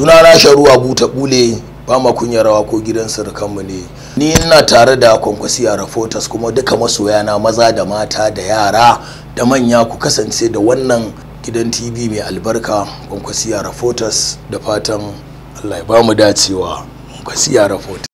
suna na sharu abu ta bule ba ma kunya rawa ko gidan surukanmu ne ni ina tare da kwankwasi a rafotas kuma duka masoya na maza da mata da yara da manya ku kasance da wannan gidan tv mai albarka kwankwasi a rafotas da fatan allah ya ba mu dacewa kwankwasi a rafotas